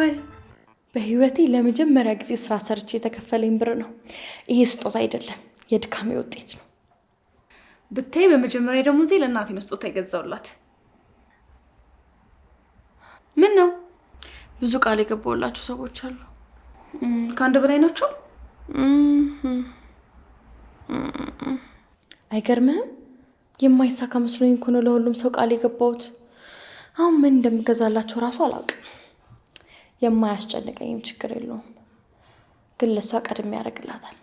ሰምተዋል? በህይወቴ ለመጀመሪያ ጊዜ ስራ ሰርቼ የተከፈለኝ ብር ነው። ይሄ ስጦታ አይደለም፣ የድካሜ ውጤት ነው። ብታይ፣ በመጀመሪያ ደግሞ ዜ ለእናቴ ነው ስጦታ የገዛውላት። ምን ነው ብዙ ቃል የገባውላቸው ሰዎች አሉ። ከአንድ በላይ ናቸው። አይገርምህም? የማይሳካ መስሎኝ እኮ ነው ለሁሉም ሰው ቃል የገባሁት። አሁን ምን እንደምገዛላቸው እራሱ አላውቅም። የማያስጨንቀኝም ችግር የለውም። ግን ለእሷ ቀድሜ ያደርግላታል።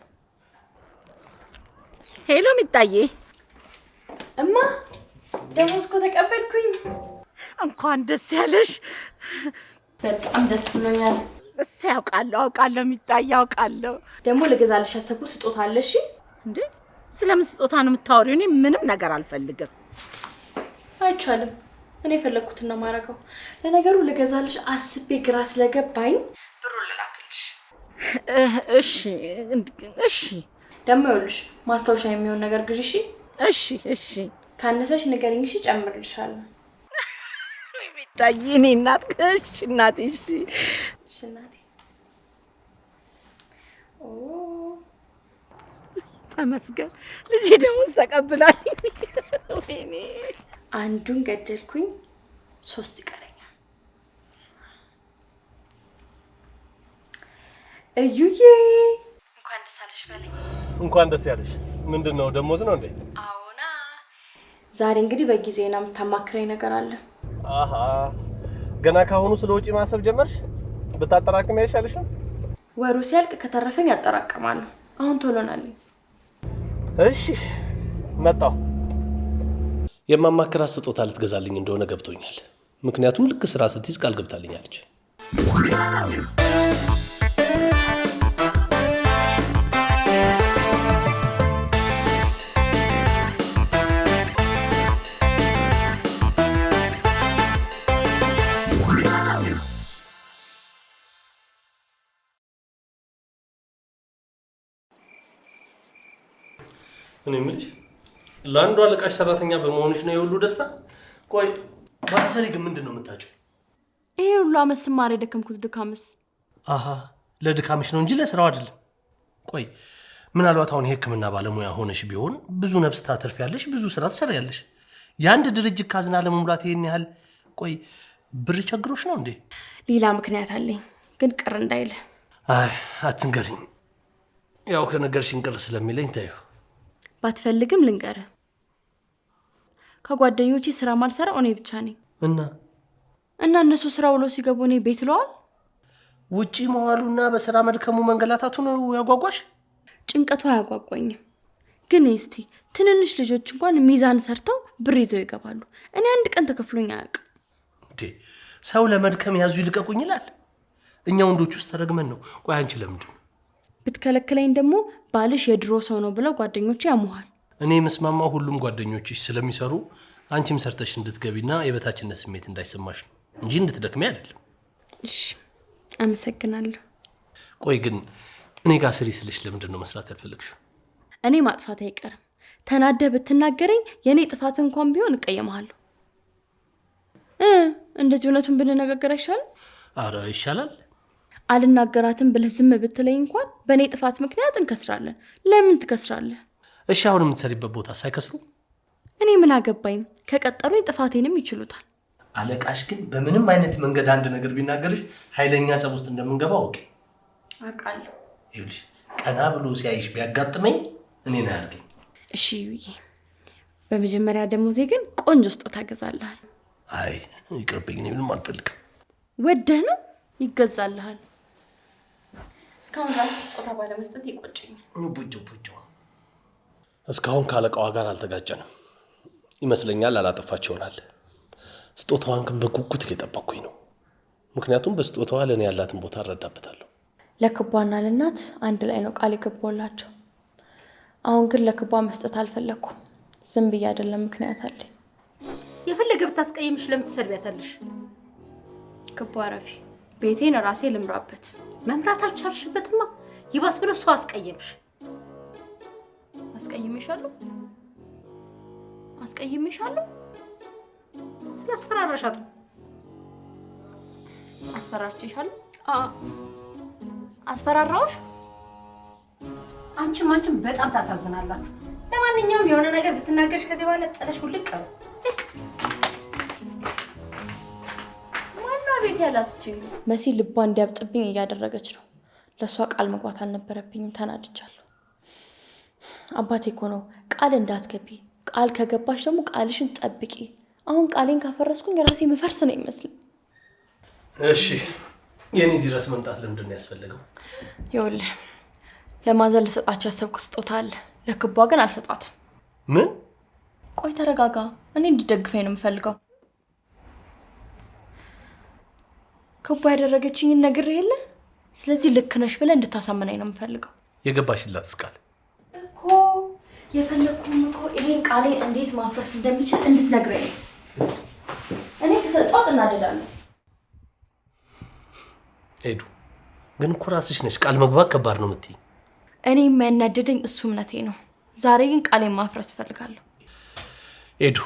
ሄሎ ሚጣዬ፣ እማ ደሞዝ እኮ ተቀበልኩኝ። እንኳን ደስ ያለሽ። በጣም ደስ ብሎኛል። እስ ያውቃለሁ፣ አውቃለሁ ሚጣዬ፣ አውቃለሁ። ደግሞ ልገዛልሽ ያሰብኩ ስጦታ አለ። አለሽ እንዴ? ስለምን ስጦታ ነው የምታወሪው? እኔ ምንም ነገር አልፈልግም። አይቻልም ምን የፈለግኩትን ነው የማደርገው። ለነገሩ ልገዛልሽ አስቤ ግራ ስለገባኝ ብሩ ልላክልሽ። እሺ እሺ። ደግሞ ይኸውልሽ ማስታወሻ የሚሆን ነገር ግዢ። እሺ እሺ እሺ። ካነሰሽ ንገሪኝ፣ እሺ ጨምርልሻለሁ። የሚታይ እኔ እናት እሺ፣ እናቴ እሺ፣ እሺ እናት እሺ እሺ እናቴ ኦ ተመስገን፣ ልጄ ደሞዝ ተቀብላለች። ወይኔ አንዱን ገደልኩኝ፣ ሶስት ይቀረኛል። እዩዬ እንኳን ደስ አለሽ በለኝ። እንኳን ደስ ያለሽ። ምንድን ነው ደሞዝ ነው እንዴ? አዎና። ዛሬ እንግዲህ በጊዜ ነው የምታማክረኝ ነገር አለ። አሀ ገና ካሁኑ ስለ ውጪ ማሰብ ጀመርሽ? ብታጠራቅም አይሻልሽም? ወሩ ሲያልቅ ከተረፈኝ አጠራቅማለሁ። አሁን ቶሎ እሺ መጣሁ። የማማከራት ስጦታ ልትገዛልኝ እንደሆነ ገብቶኛል። ምክንያቱም ልክ ስራ ስትይዝ ቃል ገብታልኛለች። እኔ የምልሽ ለአንዷ አለቃሽ ሰራተኛ በመሆንሽ ነው የሁሉ ደስታ? ቆይ ባትሰሪ ግን ምንድን ነው የምታጭው? ይሄ ሁሉ አመት ስማር የደከምኩት ድካምስ? አሀ ለድካምሽ ነው እንጂ ለስራው አይደለም። ቆይ ምናልባት አሁን የህክምና ባለሙያ ሆነሽ ቢሆን ብዙ ነፍስ ያለሽ፣ ብዙ ስራ ትሰሪያለሽ። የአንድ ድርጅት ካዝና ለመሙላት ይሄን ያህል ቆይ ብር ቸግሮች ነው እንዴ? ሌላ ምክንያት አለኝ፣ ግን ቅር እንዳይለ አትንገሪኝ። ያው ከነገርሽን ቅር ስለሚለኝ ታዩ። ባትፈልግም ልንገርህ ከጓደኞቼ ስራ ማልሰራ እኔ ብቻ ነኝ። እና እና እነሱ ስራ ውሎ ሲገቡ እኔ ቤት ለዋል ውጪ መዋሉና በስራ መድከሙ መንገላታቱ ነው ያጓጓሽ? ጭንቀቱ አያጓጓኝም። ግን እስቲ ትንንሽ ልጆች እንኳን ሚዛን ሰርተው ብር ይዘው ይገባሉ። እኔ አንድ ቀን ተከፍሎኝ አያውቅም። እንዴ ሰው ለመድከም ያዙ ይልቀቁኝ ይላል። እኛ ወንዶች ውስጥ ተረግመን ነው። ቆይ አንቺ ለምንድን ነው ብትከለክለኝ ደግሞ ባልሽ የድሮ ሰው ነው ብለው ጓደኞቼ ያሙሃል። እኔ የምስማማው ሁሉም ጓደኞችሽ ስለሚሰሩ አንቺም ሰርተሽ እንድትገቢና የበታችነት ስሜት እንዳይሰማሽ ነው እንጂ እንድትደክሜ አይደለም። እሺ፣ አመሰግናለሁ። ቆይ ግን እኔ ጋር ስሪ ስልሽ ለምንድን ነው መስራት ያልፈለግሽው? እኔ ማጥፋት አይቀርም። ተናደህ ብትናገረኝ የእኔ ጥፋት እንኳን ቢሆን እቀየመሃለሁ። እንደዚህ እውነቱን ብንነጋገር አይሻልም? አረ ይሻላል። አልናገራትም ብለህ ዝም ብትለኝ እንኳን በእኔ ጥፋት ምክንያት እንከስራለን። ለምን ትከስራለህ? እሺ አሁን የምትሰሪበት ቦታ ሳይከስሩ እኔ ምን አገባኝ? ከቀጠሩኝ ጥፋቴንም ይችሉታል። አለቃሽ ግን በምንም አይነት መንገድ አንድ ነገር ቢናገርሽ ኃይለኛ ጸብ ውስጥ እንደምንገባ አውቂ። አውቃለሁ። ይኸውልሽ ቀና ብሎ ሲያይሽ ቢያጋጥመኝ እኔ ነው አያርገኝ። እሺ ውዬ፣ በመጀመሪያ ደሞዜ ግን ቆንጆ ስጦታ እገዛልሃል። አይ ይቅርብኝ፣ እኔ ምንም አልፈልግም። ወደህ ነው ይገዛልሃል። እስካሁን ራሱ ስጦታ ባለመስጠት ይቆጭኛል። ቡጭ ቡጭ እስካሁን ካለቃዋ ጋር አልተጋጨንም ይመስለኛል። አላጠፋች ይሆናል። ስጦታዋን ግን በጉጉት እየጠበኩኝ ነው። ምክንያቱም በስጦታዋ ለእኔ ያላትን ቦታ እረዳበታለሁ። ለክቧና ልናት አንድ ላይ ነው ቃል የገባላቸው። አሁን ግን ለክቧ መስጠት አልፈለግኩ። ዝም ብዬ አይደለም፣ ምክንያት አለኝ። የፈለገ ብታስቀይምሽ ለምን ትሰድቢያታለሽ? ክቧ አረፊ፣ ቤቴን ራሴ ልምራበት። መምራት አልቻልሽበትማ፣ ይባስ ብሎ ሰው አስቀየምሽ። አስቀይሜሻለሁ አስቀይሜሻለሁ። ስላስፈራራሻት ነው። አስፈራርቼሻለሁ። አስፈራራሁሽ። አንቺም አንቺም በጣም ታሳዝናላችሁ። ለማንኛውም የሆነ ነገር ብትናገርሽ ከዚህ በኋላ ጥለሽ ውልቅ ነው። ቤት ያላት መሲ ልቧ እንዲያብጥብኝ እያደረገች ነው። ለእሷ ቃል መግባት አልነበረብኝም። ተናድቻለሁ። አባቴ እኮ ነው ቃል እንዳትገቢ ቃል ከገባሽ ደግሞ ቃልሽን ጠብቂ። አሁን ቃሌን ካፈረስኩኝ ራሴ ምፈርስ ነው ይመስል። እሺ የኔ ድረስ መምጣት ለምንድን ነው ያስፈለገው? ይኸውልህ ለማዘን ልሰጣቸው ያሰብኩ ስጦታ አለ። ለክቧ ግን አልሰጣትም። ምን? ቆይ ተረጋጋ። እኔ እንድደግፈኝ ነው የምፈልገው። ክቧ ያደረገችኝን ነግሬህ የለ? ስለዚህ ልክ ነሽ ብለህ እንድታሳምናኝ ነው የምፈልገው። የገባሽላት ቃል የፈለግኩም እኮ ይሄን ቃሌ እንዴት ማፍረስ እንደሚችል እንድትነግረኝ ነው። እኔ ከሰጧት እናደዳለሁ። ሄዱ ግን እኮ ራስሽ ነሽ ቃል መግባት ከባድ ነው የምትይኝ። እኔ የሚያናደደኝ እሱ እምነቴ ነው። ዛሬ ግን ቃሌን ማፍረስ እፈልጋለሁ። ሄዱ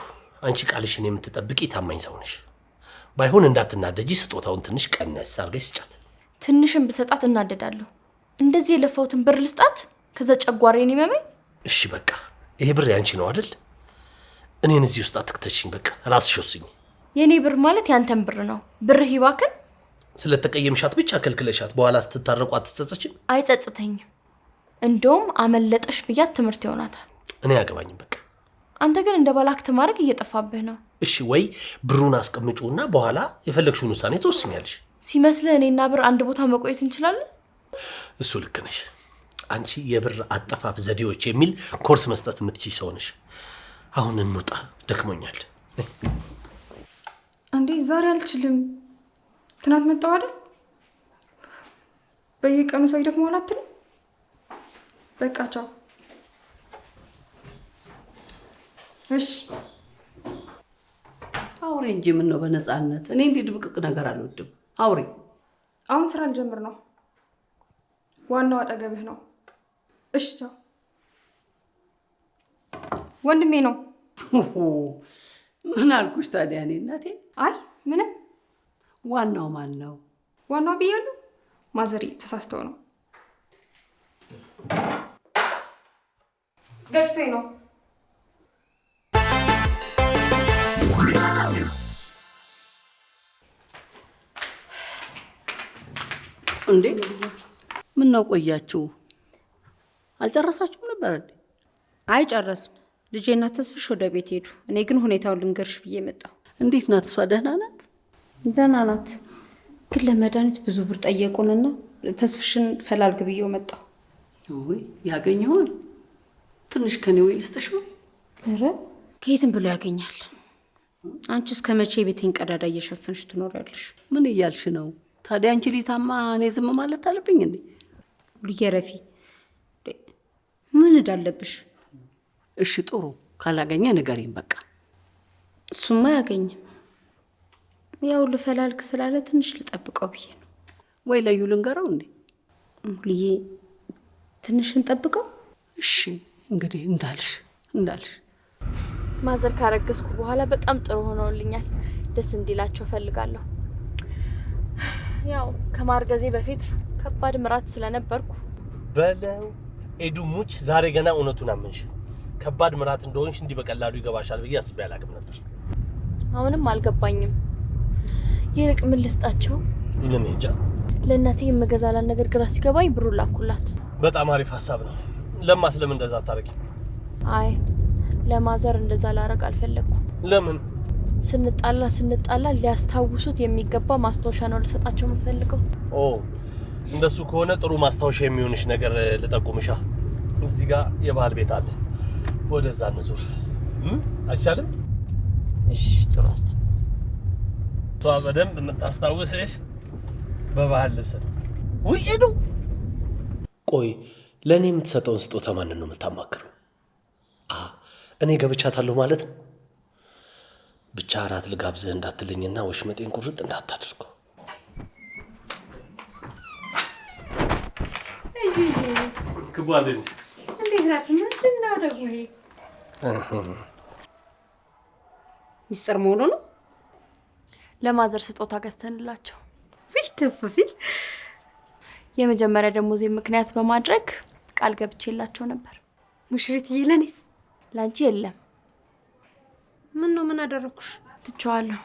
አንቺ ቃልሽን የምትጠብቂ ታማኝ ሰው ነሽ። ባይሆን እንዳትናደጂ ስጦታውን ትንሽ ቀነስ አድርገሽ ስጫት። ትንሽን ብሰጣት እናደዳለሁ። እንደዚህ የለፋሁትን ብር ልስጣት? ከዛ ጨጓሬን ይመመኝ እሺ በቃ ይሄ ብር ያንቺ ነው አይደል? እኔን እዚህ ውስጥ አትክተችኝ። በቃ ራስሽ ወስኝ። የእኔ ብር ማለት ያንተን ብር ነው። ብር ሂባክን ስለተቀየምሻት ብቻ ከልክለሻት በኋላ ስትታረቁ አትጸጸችም? አይጸጽተኝም። እንደውም አመለጠሽ ብያት ትምህርት ይሆናታል። እኔ አገባኝም በቃ። አንተ ግን እንደ ባላክት ማድረግ እየጠፋብህ ነው። እሺ ወይ ብሩን አስቀምጪውና በኋላ የፈለግሽውን ውሳኔ ትወስኛለሽ። ሲመስልህ እኔና ብር አንድ ቦታ መቆየት እንችላለን። እሱ ልክ ነሽ። አንቺ የብር አጠፋፍ ዘዴዎች የሚል ኮርስ መስጠት የምትችይ ሰው ነሽ። አሁን እንውጣ፣ ደክሞኛል። እንዴ ዛሬ አልችልም። ትናንት መጣሁ አይደል? በየቀኑ ሰው ይደክመዋል አትልም? በቃ ቻው። እሺ አውሬ እንጂ ምን ነው በነፃነት። እኔ እንዲህ ድብቅቅ ነገር አልወድም። አውሬ አሁን ስራ ልጀምር ነው። ዋናው አጠገብህ ነው። እሺ ቻው። ወንድሜ ነው። ምን አልኩሽ ታዲያ? እኔ እናቴ። አይ ምንም። ዋናው ማን ነው? ዋናው ብያለሁ። ማዘሪ ተሳስተው ነው ገጭቶኝ ነው። እንዴ ምን ነው ቆያችሁ? አልጨረሳችሁም ነበር እንዴ? አይጨረስም። ልጄና ተስፍሽ ወደ ቤት ሄዱ። እኔ ግን ሁኔታውን ልንገርሽ ብዬ መጣሁ። እንዴት ናት እሷ? ደህና ናት። ደህና ናት፣ ግን ለመድኃኒት ብዙ ብር ጠየቁንና ተስፍሽን ፈላልግ ብዬው መጣሁ። ወይ ያገኘውን ትንሽ ከኔ ወይ ልስጥሽ ኧረ ከየትም ብሎ ያገኛል። አንቺ እስከ መቼ ቤቴን ቀዳዳ እየሸፈንሽ ትኖሪያለሽ? ምን እያልሽ ነው ታዲያ? አንቺ ሊታማ እኔ ዝም ማለት አለብኝ እንዴ? ልየረፊ ምን እዳለብሽ? እሺ ጥሩ ካላገኘ ንገሪኝ በቃ። እሱማ አያገኝም። ያው ልፈላልግ ስላለ ትንሽ ልጠብቀው ብዬ ነው። ወይ ለዩ ልንገረው እንዴ? ሙልዬ ትንሽ እንጠብቀው። እሺ እንግዲህ እንዳልሽ እንዳልሽ። ማዘር ካረገዝኩ በኋላ በጣም ጥሩ ሆነውልኛል። ደስ እንዲላቸው እፈልጋለሁ። ያው ከማርገዜ በፊት ከባድ ምራት ስለነበርኩ በለው ኤዱ ሙች ዛሬ ገና እውነቱን አመንሽ። ከባድ ምራት እንደሆንሽ እንዲህ በቀላሉ ይገባሻል ብዬ አስቤ አላቅም ነበር። አሁንም አልገባኝም። ይልቅ ምን ልስጣቸው? እኔ እንጃ። ለእናቴ ነገር ግራ ሲገባኝ ብሩ ላኩላት። በጣም አሪፍ ሀሳብ ነው። ለማስ ለምን እንደዛ አታርጊ? አይ ለማዘር እንደዛ ላረግ አልፈለግኩም። ለምን? ስንጣላ ስንጣላ ሊያስታውሱት የሚገባ ማስታወሻ ነው ልሰጣቸው የምፈልገው። ኦ እንደሱ ከሆነ ጥሩ ማስታወሻ የሚሆንሽ ነገር ልጠቁምሻ እዚህ ጋር የባህል ቤት አለ። ወደዛ እንዙር አይቻልም? እሺ፣ ጥሩ ሀሳብ። እሷ በደንብ የምታስታውስሽ በባህል ልብስ ነው። ውይ ሄዱ። ቆይ ለእኔ የምትሰጠውን ስጦታ ማንን ነው የምታማክረው? እኔ ገብቻታለሁ ማለት ነው። ብቻ አራት ልጋብዝህ እንዳትልኝና ወሽመጤን ቁርጥ እንዳታደርገው። ክቡ እንዴት ናችሁ? ምንድን ነው ሚስጥር መሆኑ ነው። ለማዘር ስጦታ ገዝተንላቸው ውይ ደስ ሲል። የመጀመሪያ ደሞዜ ምክንያት በማድረግ ቃል ገብቼላቸው ነበር። ሙሽሪትዬ፣ ለኔስ? ላንቺ የለም። ምን ነው ምን አደረኩሽ? ትቼዋለሁ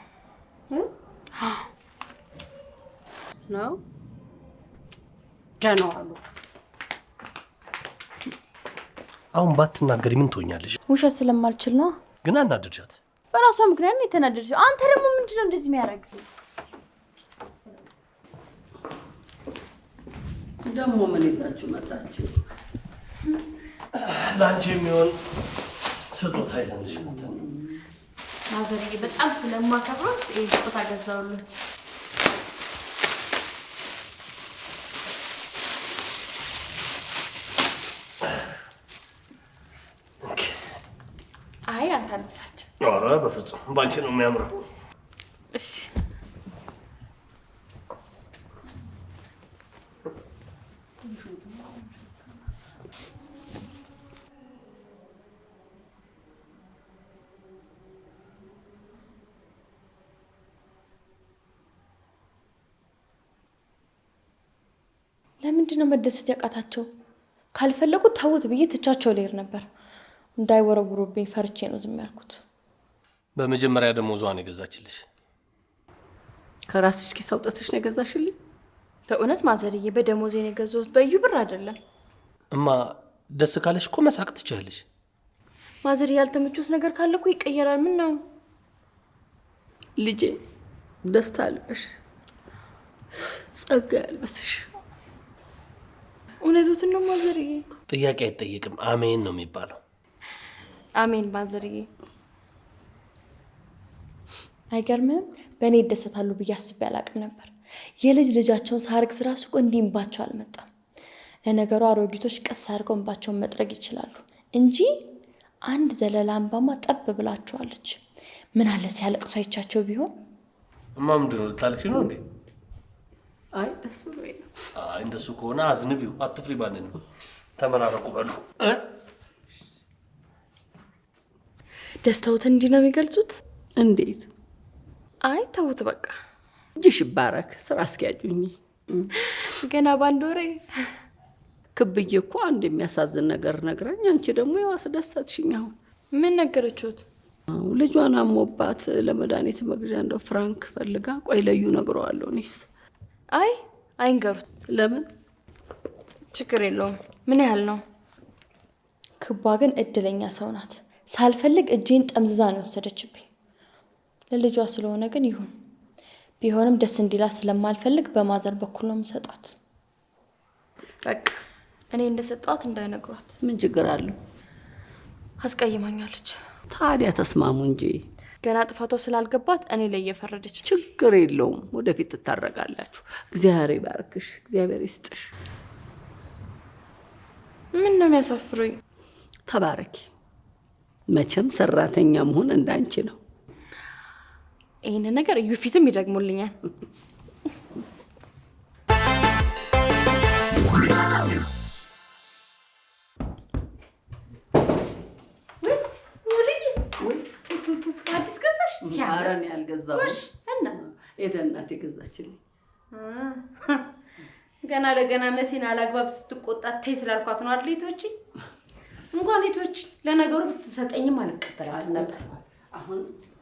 ነው ደህና ዋሉ። አሁን ባትናገሪ ምን ትሆኛለሽ? ውሸት ስለማልችል ነው። ግን አናድርጃት። በራሷ ምክንያት ነው የተናደድሽው። አንተ ደግሞ ምንድነው እንደዚህ የሚያደርግ? ደግሞ ምን ይዛችሁ መጣችሁ? ለአንቺ የሚሆን ስጦታ ይዘንልሽ መጣን። ማዘርዬ፣ በጣም ስለማከብሮት ይህ ስጦታ ገዛሁልህ። ኧረ በፍጹም ባንቺ ነው የሚያምረው። እሺ ለምንድን ነው መደሰት ያቃታቸው? ካልፈለጉ ታውት ብዬ ትቻቸው ልሄድ ነበር። እንዳይወረውሩብኝ ፈርቼ ነው ዝም ያልኩት። በመጀመሪያ ደሞዟ ነው የገዛችልሽ። ከራስሽ ኪስ አውጥተሽ ነው የገዛሽልኝ? በእውነት ማዘርዬ፣ በደሞዜ ነው የገዛሁት፣ በእዩ ብር አይደለም። እማ ደስ ካለሽ እኮ መሳቅ ትችላለሽ። ማዘርዬ፣ ያልተመቹስ ነገር ካለ እኮ ይቀየራል። ምን ነው ልጄ፣ ደስታ አልበሽ፣ ጸጋ ያልበስሽ። እውነቱን ነው ማዘርዬ። ጥያቄ አይጠየቅም፣ አሜን ነው የሚባለው። አሜን ማዘርዬ። አይገርምም? በእኔ ይደሰታሉ ብዬ አስቤ አላቅም ነበር። የልጅ ልጃቸውን ሳርግዝ ራሱ እንዲህ እንባቸው አልመጣም። ለነገሩ አሮጊቶች ቀስ አድርገው እንባቸውን መጥረግ ይችላሉ እንጂ አንድ ዘለላ እንባማ ጠብ ብላቸዋለች። ምን አለ ሲያለቅሱ አይቻቸው ቢሆን። እማ ምንድን ነው ልታልቅሽ ነው እንዴ? አይ ደስ ብሎኝ ነው። እንደሱ ከሆነ አዝንቢው፣ አትፍሪ። ባንን ተመራረቁ በሉ። ደስታውትን እንዲህ ነው የሚገልጹት። እንዴት አይ ተውት በቃ። እጅሽ ይባረክ ስራ አስኪያጁኝ። ገና ባንድ ወሬ ክብዬ እኮ አንድ የሚያሳዝን ነገር ነግረኝ፣ አንቺ ደግሞ ያው አስደሰትሽኝ። አሁን ምን ነገረችሁት? ልጇን አሞባት ለመድኃኒት መግዣ እንደው ፍራንክ ፈልጋ ቆይ ለዩ ነግረዋለሁ። እኔስ አይ አይንገሩት። ለምን ችግር የለውም። ምን ያህል ነው? ክቧ ግን እድለኛ ሰው ናት። ሳልፈልግ እጄን ጠምዝዛ ነው የወሰደችብኝ። ለልጇ ስለሆነ ግን ይሁን። ቢሆንም ደስ እንዲላት ስለማልፈልግ በማዘር በኩል ነው የምሰጣት። በቃ እኔ እንደሰጧት እንዳይነግሯት። ምን ችግር አለው? አስቀይማኛለች። ታዲያ ተስማሙ እንጂ። ገና ጥፋቷ ስላልገባት እኔ ላይ እየፈረደች። ችግር የለውም፣ ወደፊት ትታረቃላችሁ። እግዚአብሔር ይባርክሽ፣ እግዚአብሔር ይስጥሽ። ምን ነው የሚያሳፍሩኝ? ተባረኪ። መቼም ሰራተኛ መሆን እንዳንቺ ነው። ይህንን ነገር እዩ ፊትም ይደግሙልኛል። አዲስ ገዛሽ? ኧረ እኔ አልገዛሁም። እና የደናት የገዛችልኝ ገና ለገና መሲን አላግባብ ስትቆጣ ተይ ስላልኳት ነው አይደል? እህቶቼ እንኳን እህቶቼ ለነገሩ ብትሰጠኝም አልቀበላትም ነበር አሁን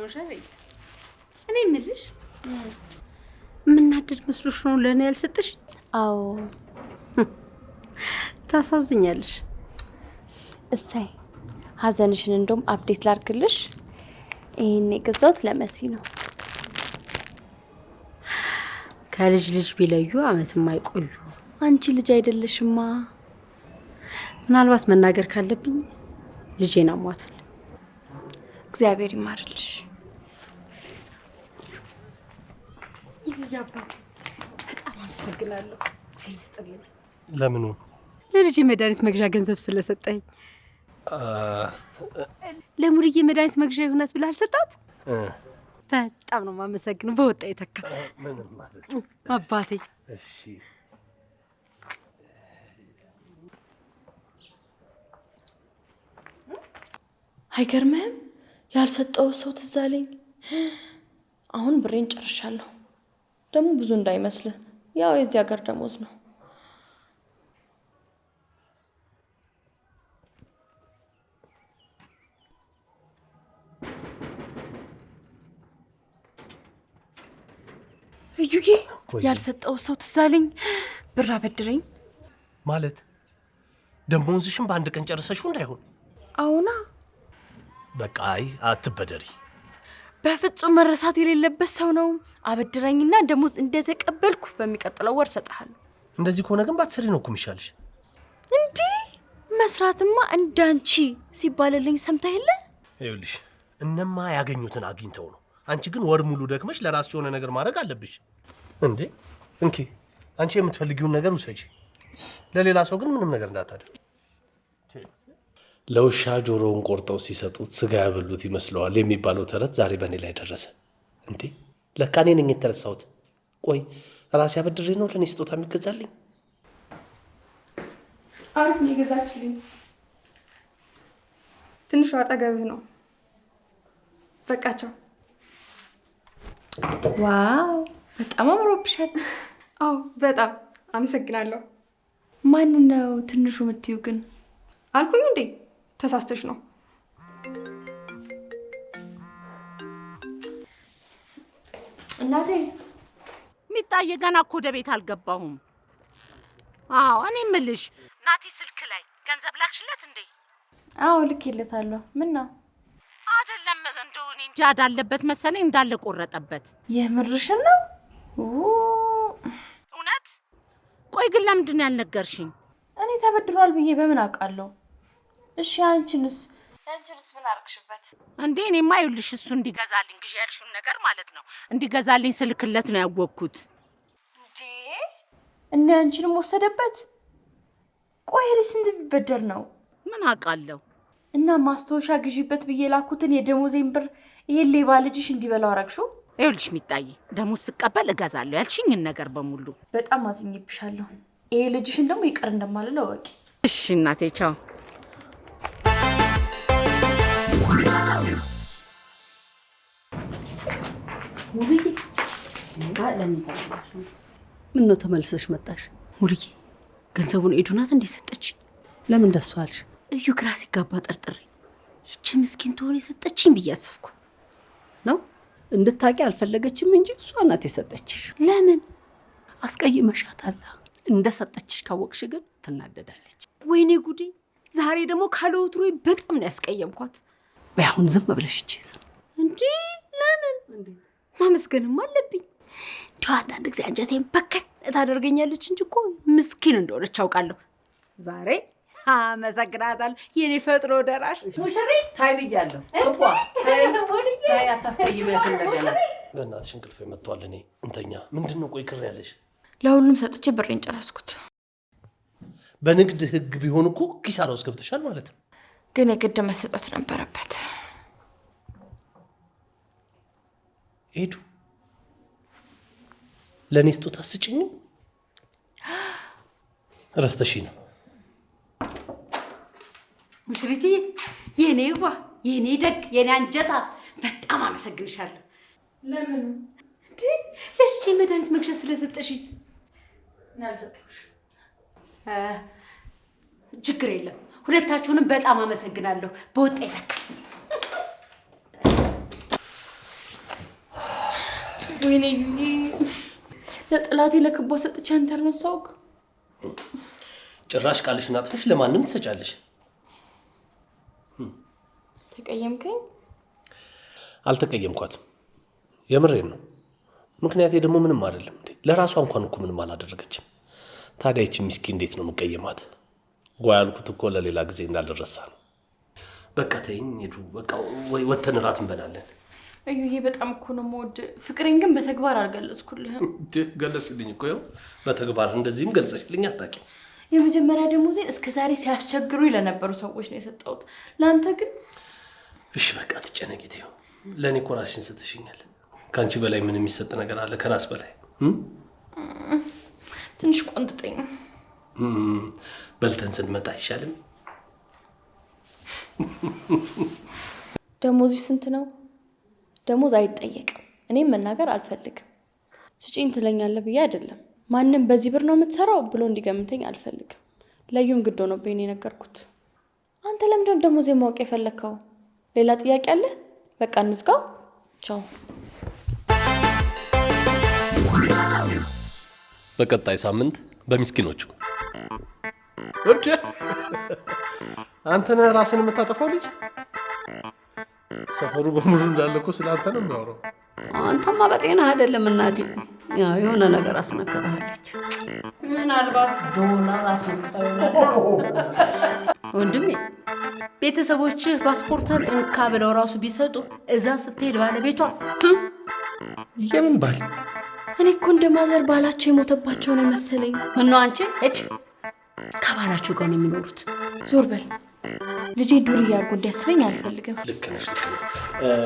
ሞሸሪት እኔ የምልሽ የምናደድ መስሎሽ ነው ለእኔ ያልሰጠሽ? አዎ ታሳዝኛለሽ። እሰይ ሀዘንሽን እንደውም አብዴት ላርግልሽ። ይህን የገዛሁት ለመሲ ነው። ከልጅ ልጅ ቢለዩ አመት አይቆዩ። አንቺ ልጅ አይደለሽማ። ምናልባት መናገር ካለብኝ ልጄን አሟታል። እግዚአብሔር ይማርልሽ። በጣም አመሰግናለሁ። እግዜር ይስጥልኝ። ለምኑ? ለልጅ መግዣ ገንዘብ ስለሰጠኝ። ለሙድዬ መድኃኒት መግዣ ይሆናት ብለህ አልሰጣት? በጣም ነው የማመሰግነው። በወጣ የተካ አባቴ አይገርምህም? ያልሰጠው ሰው ትዝ አለኝ። አሁን ብሬን ጨርሻለሁ። ደግሞ ብዙ እንዳይመስልህ፣ ያው የዚህ ሀገር ደሞዝ ነው። እዩጌ ያልሰጠው ሰው ትዝ ብር አበድረኝ ማለት ደሞዝሽን በአንድ ቀን ጨርሰሽው እንዳይሆን። አሁና በቃ አይ አትበደሪ በፍጹም መረሳት የሌለበት ሰው ነው። አበድረኝና ደሞዝ እንደተቀበልኩ በሚቀጥለው ወር እሰጥሃለሁ። እንደዚህ ከሆነ ግን ባትሰሪ ነው እኮ የሚሻልሽ። እንዲህ መስራትማ እንዳንቺ ሲባልልኝ ሰምታ የለ። ይኸውልሽ እነማ ያገኙትን አግኝተው ነው። አንቺ ግን ወር ሙሉ ደክመሽ ለራስሽ የሆነ ነገር ማድረግ አለብሽ እንዴ። እንኪ አንቺ የምትፈልጊውን ነገር ውሰጂ። ለሌላ ሰው ግን ምንም ነገር እንዳታደርግ ለውሻ ጆሮውን ቆርጠው ሲሰጡት ስጋ ያበሉት ይመስለዋል የሚባለው ተረት ዛሬ በእኔ ላይ ደረሰ። እንዴ ለካ እኔ ነኝ የተረሳሁት። ቆይ ራሴ አበድሬ ነው ለእኔ ስጦታ የሚገዛልኝ? አሪፍ ነው የገዛችልኝ። ትንሹ አጠገብህ ነው። በቃቸው። ዋው በጣም አምሮብሻል። አዎ በጣም አመሰግናለሁ። ማን ነው ትንሹ የምትይው ግን አልኩኝ እንዴ? ተሳስተሽ ነው። እናቴ ሚጣዬ ገና እኮ ወደ ቤት አልገባሁም። አዎ እኔ እምልሽ ናቲ ስልክ ላይ ገንዘብ ላክሽለት እንዴ? አዎ ልኬለታለሁ። ምን ነው አይደለም እንደው እኔ እንጃ አዳለበት መሰለኝ እንዳለ ቆረጠበት። የምርሽን ነው? እውነት? ቆይ ግን ለምንድን ነው ያልነገርሽኝ? እኔ ተበድሯል ብዬ በምን አውቃለሁ? እሺ አንቺንስ አንቺንስ ምን አርግሽበት እንዴ? እኔ ይኸውልሽ እሱ እንዲገዛልኝ ግዢ ያልሽውን ነገር ማለት ነው እንዲገዛልኝ ስልክለት ነው ያወቅኩት። እንዴ እና አንቺንም ወሰደበት? ቆይ ልጅ ስንት ቢበደር ነው? ምን አውቃለሁ። እና ማስታወሻ ግዢበት ብዬ ላኩትን የደሞዜን ብር ይሄን ሌባ ልጅሽ እንዲበላው አረግሽው። ይኸውልሽ ሚጣዬ ደሞዝ ስቀበል እገዛለሁ ያልሽኝን ነገር በሙሉ በጣም አዝኝብሻለሁ። ይሄ ልጅሽን ደግሞ ይቅር እንደማልለው እወቂ። እሺ እናቴ ቻው። ምን ነው ተመልሰሽ መጣሽ? ሙሉዬ ገንዘቡን ኤዱ እንዲሰጠች ለምን ደስ አልሽ? እዩ ግራ ሲጋባ ጠርጥሬ ይቺ ምስኪን ትሆን የሰጠችኝ ብዬ አሰብኩ። ነው እንድታቂ አልፈለገችም እንጂ እሷ ናት የሰጠችሽ። ለምን አስቀይመሻታል? እንደ ሰጠችሽ ካወቅሽ ግን ትናደዳለች። ወይኔ ጉዴ! ዛሬ ደግሞ ካለወትሮ በጣም ነው ያስቀየምኳት። ወይ አሁን ዝም ብለሽ እንጂ ለምን ማመስገንም አለብኝ። እንዲሁ አንዳንድ ጊዜ አንጀቴን በከል ታደርገኛለች እንጂ እኮ ምስኪን እንደሆነች አውቃለሁ። ዛሬ አመሰግናታል የኔ ፈጥሮ ደራሽ ሙሽሪ። ታይ ብያለሁ እኮ ታይ እንደገና በእናትሽ እንቅልፍ መጥቷል። እኔ እንተኛ ምንድን ነው ቆይ ክር ያለሽ? ለሁሉም ሰጥቼ ብሬን ጨረስኩት። በንግድ ህግ ቢሆን እኮ ኪሳራ ውስጥ ገብተሻል ማለት ነው። ግን የግድ መሰጠት ነበረበት። ሄዱ። ለእኔ ስጦታ ስጭኝም ረስተሺ ነው ሙሽሪትዬ፣ የኔ ዋ፣ የኔ ደግ፣ የኔ አንጀታ፣ በጣም አመሰግንሻለሁ። ለምን ለልጅ መድኃኒት መግዣ ስለሰጠሽ ችግር የለም። ሁለታችሁንም በጣም አመሰግናለሁ። በወጣ ይተካል። ወይኔ ለጥላቴ ለክቧ ሰጥቼ አንተን ረሳሁክ። ጭራሽ ቃልሽ አጥፈሽ ለማንም ትሰጫለሽ። ተቀየምከኝ? አልተቀየምኳትም። የምሬን ነው። ምክንያቴ ደግሞ ምንም አይደለም። ለራሷ እንኳን እኮ ምንም አላደረገችም። ታዲያ ይቺ ምስኪን እንዴት ነው የምቀየማት? ጓ ያልኩት እኮ ለሌላ ጊዜ እንዳልረሳ ነው። በቃ ተይኝ ሄዱ። በቃ ወይ ወተን እራት እንበላለን። እዩዬ በጣም እኮ ነው የምወድ። ፍቅሬን ግን በተግባር አልገለጽኩልህም። ገለጽልኝ እኮ ይኸው፣ በተግባር እንደዚህም ገልጸሽልኝ አታውቂም። የመጀመሪያ ደሞዜን እስከ ዛሬ ሲያስቸግሩ ለነበሩ ሰዎች ነው የሰጠሁት። ለአንተ ግን እሺ በቃ ትጨነቂት። ይኸው ለእኔ እኮ ራስሽን ሰጥሽኛል። ከአንቺ በላይ ምን የሚሰጥ ነገር አለ? ከራስ በላይ ትንሽ ቆንጥጠኝ። በልተን ስንመጣ አይሻልም? ደሞዝሽ ስንት ነው? ደሞዝ አይጠየቅም። እኔም መናገር አልፈልግም። ስጪኝ ትለኛለ ብዬ አይደለም ማንም በዚህ ብር ነው የምትሰራው ብሎ እንዲገምተኝ አልፈልግም። ለዩም ግዶ ነው ሆኖብኝ የነገርኩት። አንተ ለምንድን ደሞዝ ማወቅ የፈለግከው? ሌላ ጥያቄ አለ? በቃ እንዝጋው። ቻው። በቀጣይ ሳምንት በሚስኪኖቹ አንተ ራስን የምታጠፋው ልጅ ሰፈሩ በሙሉ እንዳለ እኮ ስለአንተ ነው የሚያወራው። አንተማ በጤና አይደለም እናቴ። ያው የሆነ ነገር አስነክታለች። ምናልባት ዶላር አስነክታ ወንድሜ፣ ቤተሰቦችህ ፓስፖርትን እንካ ብለው ራሱ ቢሰጡ እዛ ስትሄድ ባለቤቷ የምን ባል? እኔ እኮ እንደ ማዘር ባላቸው የሞተባቸው ነው መሰለኝ። ምነው አንቺ እች ከባላቸው ጋር ነው የሚኖሩት? ዞር በል ልጄ ዱር እያልኩ እንዲያስበኝ አልፈልግም። ልክ ነሽ፣ ልክ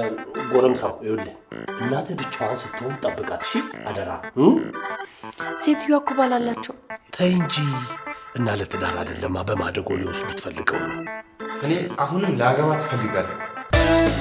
ነሽ። ጎረምሳው ይኸውልህ፣ እናትህ ብቻዋን ስትሆን ጠብቃት። እሺ፣ አደራ። ሴትዮዋ እኮ ባል አላቸው። ተይ እንጂ እና ለትዳር አይደለማ በማደጎ ሊወስዱት ፈልገው ነው። እኔ አሁንም ለአገባ ትፈልጋለሁ።